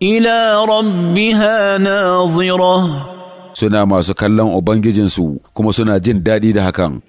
ila rabbiha nazira suna masu kallon ubangijinsu kuma suna jin daɗi da hakan